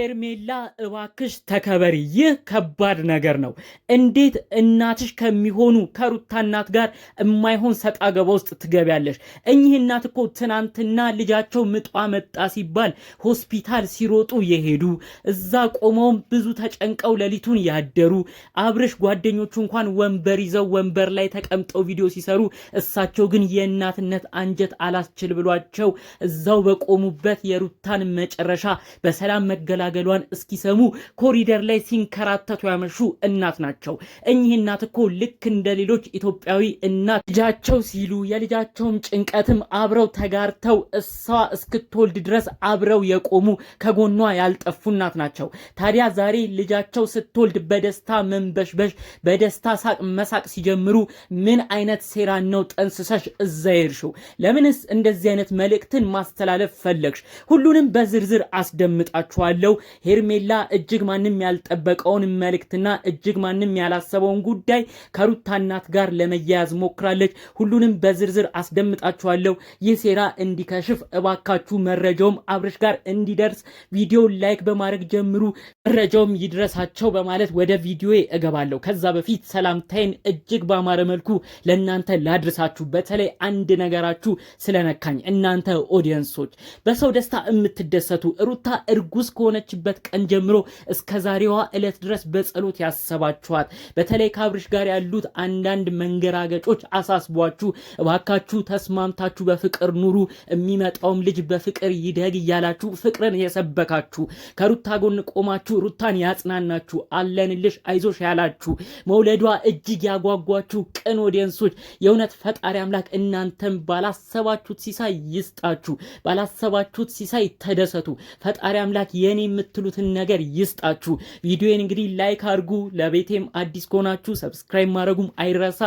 ሄርሜላ እባክሽ ተከበሪ። ይህ ከባድ ነገር ነው። እንዴት እናትሽ ከሚሆኑ ከሩታ እናት ጋር የማይሆን ሰጣ ገባ ውስጥ ትገቢያለሽ? እኚህ እናት እኮ ትናንትና ልጃቸው ምጧ መጣ ሲባል ሆስፒታል ሲሮጡ የሄዱ እዛ ቆመውም ብዙ ተጨንቀው ሌሊቱን ያደሩ አብርሽ ጓደኞቹ እንኳን ወንበር ይዘው ወንበር ላይ ተቀምጠው ቪዲዮ ሲሰሩ እሳቸው ግን የእናትነት አንጀት አላስችል ብሏቸው እዛው በቆሙበት የሩታን መጨረሻ በሰላም መገላገል መገላገሏን እስኪሰሙ ኮሪደር ላይ ሲንከራተቱ ያመሹ እናት ናቸው። እኚህ እናት እኮ ልክ እንደ ሌሎች ኢትዮጵያዊ እናት ልጃቸው ሲሉ የልጃቸውም ጭንቀትም አብረው ተጋርተው እሷ እስክትወልድ ድረስ አብረው የቆሙ ከጎኗ ያልጠፉ እናት ናቸው። ታዲያ ዛሬ ልጃቸው ስትወልድ በደስታ መንበሽበሽ፣ በደስታ ሳቅ መሳቅ ሲጀምሩ ምን አይነት ሴራን ነው ጠንስሰሽ እዛ የሄድሽው? ለምንስ እንደዚህ አይነት መልእክትን ማስተላለፍ ፈለግሽ? ሁሉንም በዝርዝር አስደምጣችኋለሁ። የሚለው ሄርሜላ እጅግ ማንም ያልጠበቀውን መልእክትና እጅግ ማንም ያላሰበውን ጉዳይ ከሩታ እናት ጋር ለመያያዝ ሞክራለች። ሁሉንም በዝርዝር አስደምጣችኋለሁ። ይህ ሴራ እንዲከሽፍ እባካችሁ መረጃውም አብርሽ ጋር እንዲደርስ ቪዲዮ ላይክ በማድረግ ጀምሩ፣ መረጃውም ይድረሳቸው በማለት ወደ ቪዲዮ እገባለሁ። ከዛ በፊት ሰላምታይን እጅግ ባማረ መልኩ ለእናንተ ላድርሳችሁ። በተለይ አንድ ነገራችሁ ስለነካኝ እናንተ ኦዲየንሶች፣ በሰው ደስታ የምትደሰቱ ሩታ እርጉዝ ከሆነ ከሆነችበት ቀን ጀምሮ እስከ ዛሬዋ ዕለት ድረስ በጸሎት ያሰባችኋት። በተለይ ከአብርሽ ጋር ያሉት አንዳንድ መንገራገጮች አሳስቧችሁ እባካችሁ ተስማምታችሁ በፍቅር ኑሩ፣ የሚመጣውም ልጅ በፍቅር ይደግ እያላችሁ ፍቅርን የሰበካችሁ ከሩታ ጎን ቆማችሁ ሩታን ያጽናናችሁ አለንልሽ አይዞሽ ያላችሁ መውለዷ እጅግ ያጓጓችሁ ቅን ኦዲየንሶች የእውነት ፈጣሪ አምላክ እናንተን ባላሰባችሁት ሲሳይ ይስጣችሁ፣ ባላሰባችሁት ሲሳይ ተደሰቱ። ፈጣሪ አምላክ የኔ የምትሉትን ነገር ይስጣችሁ። ቪዲዮን እንግዲህ ላይክ አድርጉ። ለቤቴም አዲስ ከሆናችሁ ሰብስክራይብ ማድረጉም አይረሳ።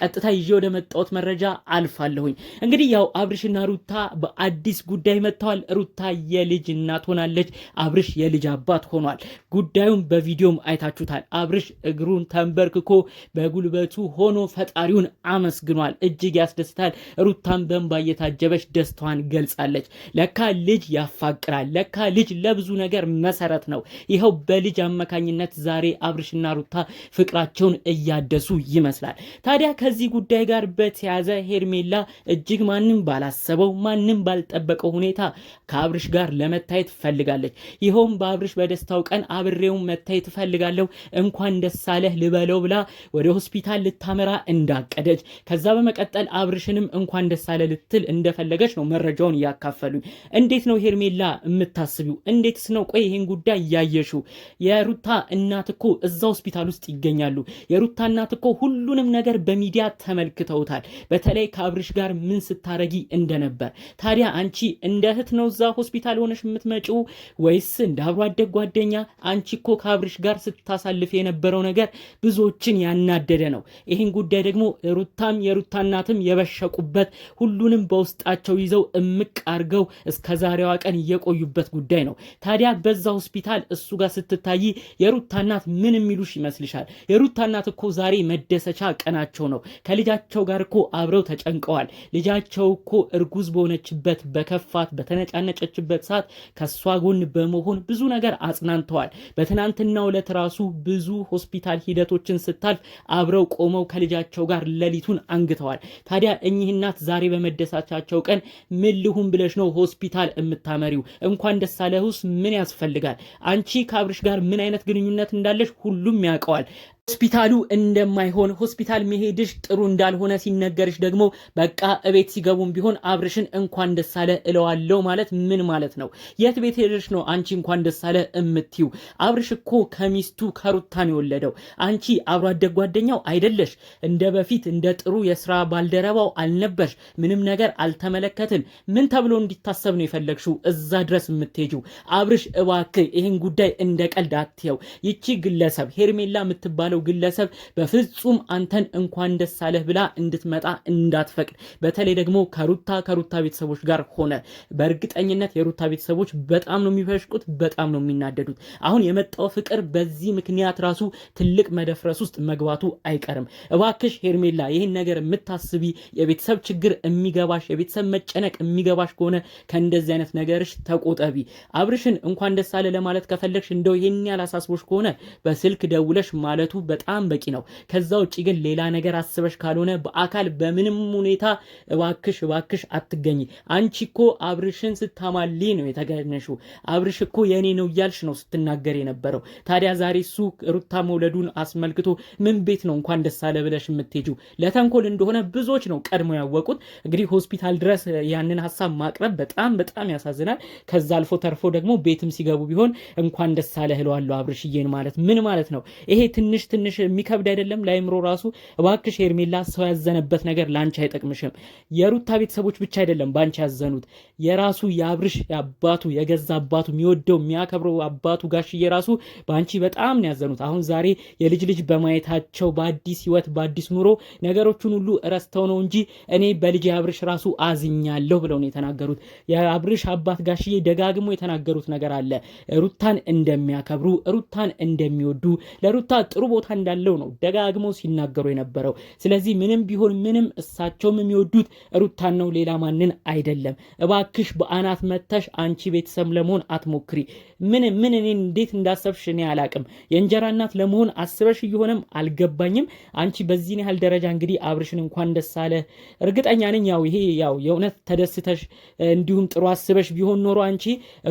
ቀጥታ ይዤ ወደ መጣሁት መረጃ አልፋለሁኝ። እንግዲህ ያው አብርሽና ሩታ በአዲስ ጉዳይ መጥተዋል። ሩታ የልጅ እናት ሆናለች። አብርሽ የልጅ አባት ሆኗል። ጉዳዩን በቪዲዮም አይታችሁታል። አብርሽ እግሩን ተንበርክኮ በጉልበቱ ሆኖ ፈጣሪውን አመስግኗል። እጅግ ያስደስታል። ሩታን በእንባ እየታጀበች ደስታዋን ገልጻለች። ለካ ልጅ ያፋቅራል። ለካ ልጅ ለብዙ ነገር መሰረት ነው። ይኸው በልጅ አማካኝነት ዛሬ አብርሽና ሩታ ፍቅራቸውን እያደሱ ይመስላል። ታዲያ ከዚህ ጉዳይ ጋር በተያዘ ሄርሜላ እጅግ ማንም ባላሰበው ማንም ባልጠበቀው ሁኔታ ከአብርሽ ጋር ለመታየት ፈልጋለች። ይኸውም በአብርሽ በደስታው ቀን አብሬውን መታየት እፈልጋለሁ እንኳን ደስ አለህ ልበለው ብላ ወደ ሆስፒታል ልታመራ እንዳቀደች ከዛ በመቀጠል አብርሽንም እንኳን ደስ ልትል እንደፈለገች ነው መረጃውን እያካፈሉኝ። እንዴት ነው ሄርሜላ የምታስቢው? እንዴትስ ነው ቆይ ይህን ጉዳይ እያየሹ የሩታ እናት እኮ እዛ ሆስፒታል ውስጥ ይገኛሉ። የሩታ እናት እኮ ሁሉንም ነገር በሚዲያ ተመልክተውታል። በተለይ ከአብርሽ ጋር ምን ስታረጊ እንደነበር። ታዲያ አንቺ እንደ እህት ነው እዛ ሆስፒታል ሆነሽ የምትመጪው ወይስ እንደ አብሮ አደግ ጓደኛ? አንቺ እኮ ከአብርሽ ጋር ስታሳልፍ የነበረው ነገር ብዙዎችን ያናደደ ነው። ይህን ጉዳይ ደግሞ ሩታም የሩታ እናትም የበሸቁበት ሁሉንም በውስጣቸው ይዘው እምቅ አርገው እስከ ዛሬዋ ቀን እየቆዩበት ጉዳይ ነው ታዲያ በዛ ሆስፒታል እሱ ጋር ስትታይ የሩታ እናት ምን የሚሉሽ ይመስልሻል? የሩታ እናት እኮ ዛሬ መደሰቻ ቀናቸው ነው። ከልጃቸው ጋር እኮ አብረው ተጨንቀዋል። ልጃቸው እኮ እርጉዝ በሆነችበት በከፋት በተነጫነጨችበት ሰዓት ከእሷ ጎን በመሆን ብዙ ነገር አጽናንተዋል። በትናንትናው ዕለት ራሱ ብዙ ሆስፒታል ሂደቶችን ስታልፍ አብረው ቆመው ከልጃቸው ጋር ሌሊቱን አንግተዋል። ታዲያ እኚህ እናት ዛሬ በመደሰቻቸው ቀን ምን ልሁን ብለሽ ነው ሆስፒታል የምታመሪው? እንኳን ደሳለህ ውስጥ ምን ያስፈ ያስፈልጋል። አንቺ ከአብርሽ ጋር ምን አይነት ግንኙነት እንዳለሽ ሁሉም ያውቀዋል። ሆስፒታሉ እንደማይሆን ሆስፒታል መሄድሽ ጥሩ እንዳልሆነ ሲነገርሽ ደግሞ በቃ እቤት ሲገቡም ቢሆን አብርሽን እንኳን ደሳለ እለዋለው ማለት ምን ማለት ነው? የት ቤት ሄደሽ ነው አንቺ እንኳን ደሳለ እምትዩ? አብርሽ እኮ ከሚስቱ ከሩታን የወለደው አንቺ አብሮ አደግ ጓደኛው አይደለሽ። እንደ በፊት እንደ ጥሩ የስራ ባልደረባው አልነበርሽ። ምንም ነገር አልተመለከትን። ምን ተብሎ እንዲታሰብ ነው የፈለግሽው እዛ ድረስ የምትሄጂው? አብርሽ እባክህ ይህን ጉዳይ እንደ ቀልድ አትየው። ይቺ ግለሰብ ሄርሜላ የምትባለው ያለው ግለሰብ በፍጹም አንተን እንኳን ደስ አለህ ብላ እንድትመጣ እንዳትፈቅድ። በተለይ ደግሞ ከሩታ ከሩታ ቤተሰቦች ጋር ሆነ በእርግጠኝነት የሩታ ቤተሰቦች በጣም ነው የሚፈሽቁት፣ በጣም ነው የሚናደዱት። አሁን የመጣው ፍቅር በዚህ ምክንያት ራሱ ትልቅ መደፍረስ ውስጥ መግባቱ አይቀርም። እባክሽ ሄርሜላ ይህን ነገር የምታስቢ የቤተሰብ ችግር የሚገባሽ የቤተሰብ መጨነቅ የሚገባሽ ከሆነ ከእንደዚህ አይነት ነገርሽ ተቆጠቢ። አብርሽን እንኳን ደስ አለ ለማለት ከፈለግሽ እንደው ይህን ያላሳስቦች ከሆነ በስልክ ደውለሽ ማለቱ በጣም በቂ ነው። ከዛ ውጭ ግን ሌላ ነገር አስበሽ ካልሆነ በአካል በምንም ሁኔታ እባክሽ እባክሽ አትገኝ። አንቺ እኮ አብርሽን ስታማሊ ነው የተገነሹ። አብርሽ እኮ የእኔ ነው እያልሽ ነው ስትናገር የነበረው። ታዲያ ዛሬ እሱ ሩታ መውለዱን አስመልክቶ ምን ቤት ነው እንኳን ደስ አለ ብለሽ የምትሄጂው? ለተንኮል እንደሆነ ብዙዎች ነው ቀድሞ ያወቁት። እንግዲህ ሆስፒታል ድረስ ያንን ሀሳብ ማቅረብ በጣም በጣም ያሳዝናል። ከዛ አልፎ ተርፎ ደግሞ ቤትም ሲገቡ ቢሆን እንኳን ደስ አለ እለዋለሁ አብርሽዬን ማለት ምን ማለት ነው ይሄ ትንሽ ትንሽ የሚከብድ አይደለም ለአይምሮ ራሱ። እባክሽ ሄርሜላ ሰው ያዘነበት ነገር ለአንቺ አይጠቅምሽም። የሩታ ቤተሰቦች ብቻ አይደለም በአንቺ ያዘኑት፣ የራሱ የአብርሽ አባቱ የገዛ አባቱ የሚወደው የሚያከብረው አባቱ ጋሽዬ ራሱ በአንቺ በጣም ነው ያዘኑት። አሁን ዛሬ የልጅ ልጅ በማየታቸው በአዲስ ህይወት በአዲስ ኑሮ ነገሮቹን ሁሉ ረስተው ነው እንጂ እኔ በልጅ የአብርሽ ራሱ አዝኛለሁ ብለው ነው የተናገሩት። የአብርሽ አባት ጋሽዬ ደጋግሞ የተናገሩት ነገር አለ ሩታን እንደሚያከብሩ ሩታን እንደሚወዱ ለሩታ ጥሩ ቦታ እንዳለው ነው ደጋግሞ ሲናገሩ የነበረው። ስለዚህ ምንም ቢሆን ምንም እሳቸውም የሚወዱት ሩታን ነው፣ ሌላ ማንን አይደለም። እባክሽ በአናት መተሽ አንቺ ቤተሰብ ለመሆን አትሞክሪ። ምን ምን እኔ እንዴት እንዳሰብሽ እኔ አላቅም። የእንጀራ እናት ለመሆን አስበሽ እየሆነም አልገባኝም። አንቺ በዚህን ያህል ደረጃ እንግዲህ አብርሽን እንኳን ደስ አለ። እርግጠኛ ነኝ ያው ይሄ ያው የእውነት ተደስተሽ እንዲሁም ጥሩ አስበሽ ቢሆን ኖሮ አንቺ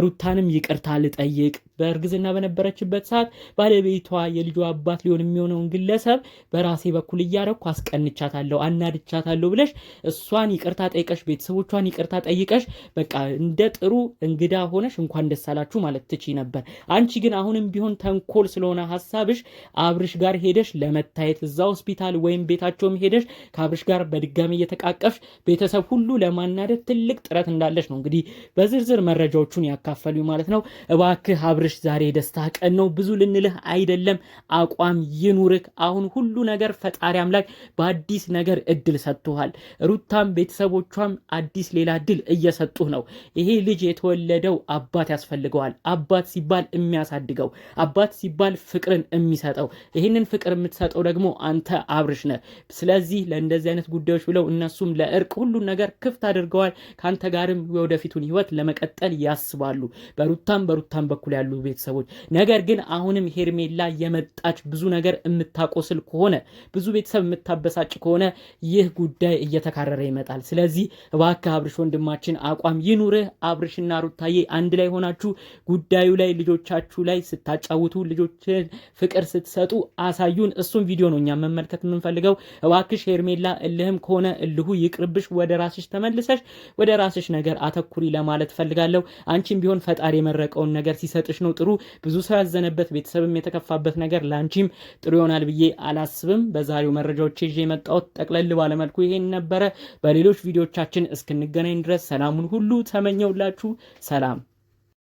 ሩታንም ይቅርታ ልጠይቅ በእርግዝና በነበረችበት ሰዓት ባለቤቷ የልጇ አባት ሊሆን ሚሊዮን የሚሆነውን ግለሰብ በራሴ በኩል እያረኩ አስቀንቻታለሁ፣ አናድቻታለሁ ብለሽ እሷን ይቅርታ ጠይቀሽ ቤተሰቦቿን ይቅርታ ጠይቀሽ በቃ እንደ ጥሩ እንግዳ ሆነሽ እንኳን ደስ አላችሁ ማለት ትቺ ነበር። አንቺ ግን አሁንም ቢሆን ተንኮል ስለሆነ ሀሳብሽ አብርሽ ጋር ሄደሽ ለመታየት እዛ ሆስፒታል ወይም ቤታቸውም ሄደሽ ከአብርሽ ጋር በድጋሚ እየተቃቀፍሽ ቤተሰብ ሁሉ ለማናደድ ትልቅ ጥረት እንዳለሽ ነው እንግዲህ በዝርዝር መረጃዎቹን ያካፈሉ ማለት ነው። እባክህ አብርሽ ዛሬ ደስታ ቀን ነው፣ ብዙ ልንልህ አይደለም፣ አቋም ይኑርክ። አሁን ሁሉ ነገር ፈጣሪ አምላክ በአዲስ ነገር እድል ሰጥቶሃል። ሩታም ቤተሰቦቿም አዲስ ሌላ እድል እየሰጡ ነው። ይሄ ልጅ የተወለደው አባት ያስፈልገዋል። አባት ሲባል የሚያሳድገው፣ አባት ሲባል ፍቅርን የሚሰጠው፣ ይህንን ፍቅር የምትሰጠው ደግሞ አንተ አብርሽ ነህ። ስለዚህ ለእንደዚህ አይነት ጉዳዮች ብለው እነሱም ለእርቅ ሁሉን ነገር ክፍት አድርገዋል። ከአንተ ጋርም የወደፊቱን ህይወት ለመቀጠል ያስባሉ፣ በሩታም በሩታም በኩል ያሉ ቤተሰቦች። ነገር ግን አሁንም ሄርሜላ የመጣች ብዙ ነገር የምታቆስል ከሆነ ብዙ ቤተሰብ የምታበሳጭ ከሆነ ይህ ጉዳይ እየተካረረ ይመጣል። ስለዚህ እባክህ አብርሽ ወንድማችን አቋም ይኑርህ። አብርሽና ሩታዬ አንድ ላይ ሆናችሁ ጉዳዩ ላይ ልጆቻችሁ ላይ ስታጫውቱ፣ ልጆችን ፍቅር ስትሰጡ አሳዩን። እሱን ቪዲዮ ነው እኛ መመልከት የምንፈልገው። እባክሽ ሄርሜላ እልህም ከሆነ እልሁ ይቅርብሽ፣ ወደ ራስሽ ተመልሰሽ ወደ ራስሽ ነገር አተኩሪ ለማለት ፈልጋለሁ። አንቺም ቢሆን ፈጣሪ የመረቀውን ነገር ሲሰጥሽ ነው ጥሩ። ብዙ ሰው ያዘነበት ቤተሰብም የተከፋበት ነገር ለአንቺም ጥሩ ይሆናል ብዬ አላስብም። በዛሬው መረጃዎች ይዤ የመጣሁት ጠቅለል ባለመልኩ ይሄን ነበረ። በሌሎች ቪዲዮቻችን እስክንገናኝ ድረስ ሰላሙን ሁሉ ተመኘውላችሁ። ሰላም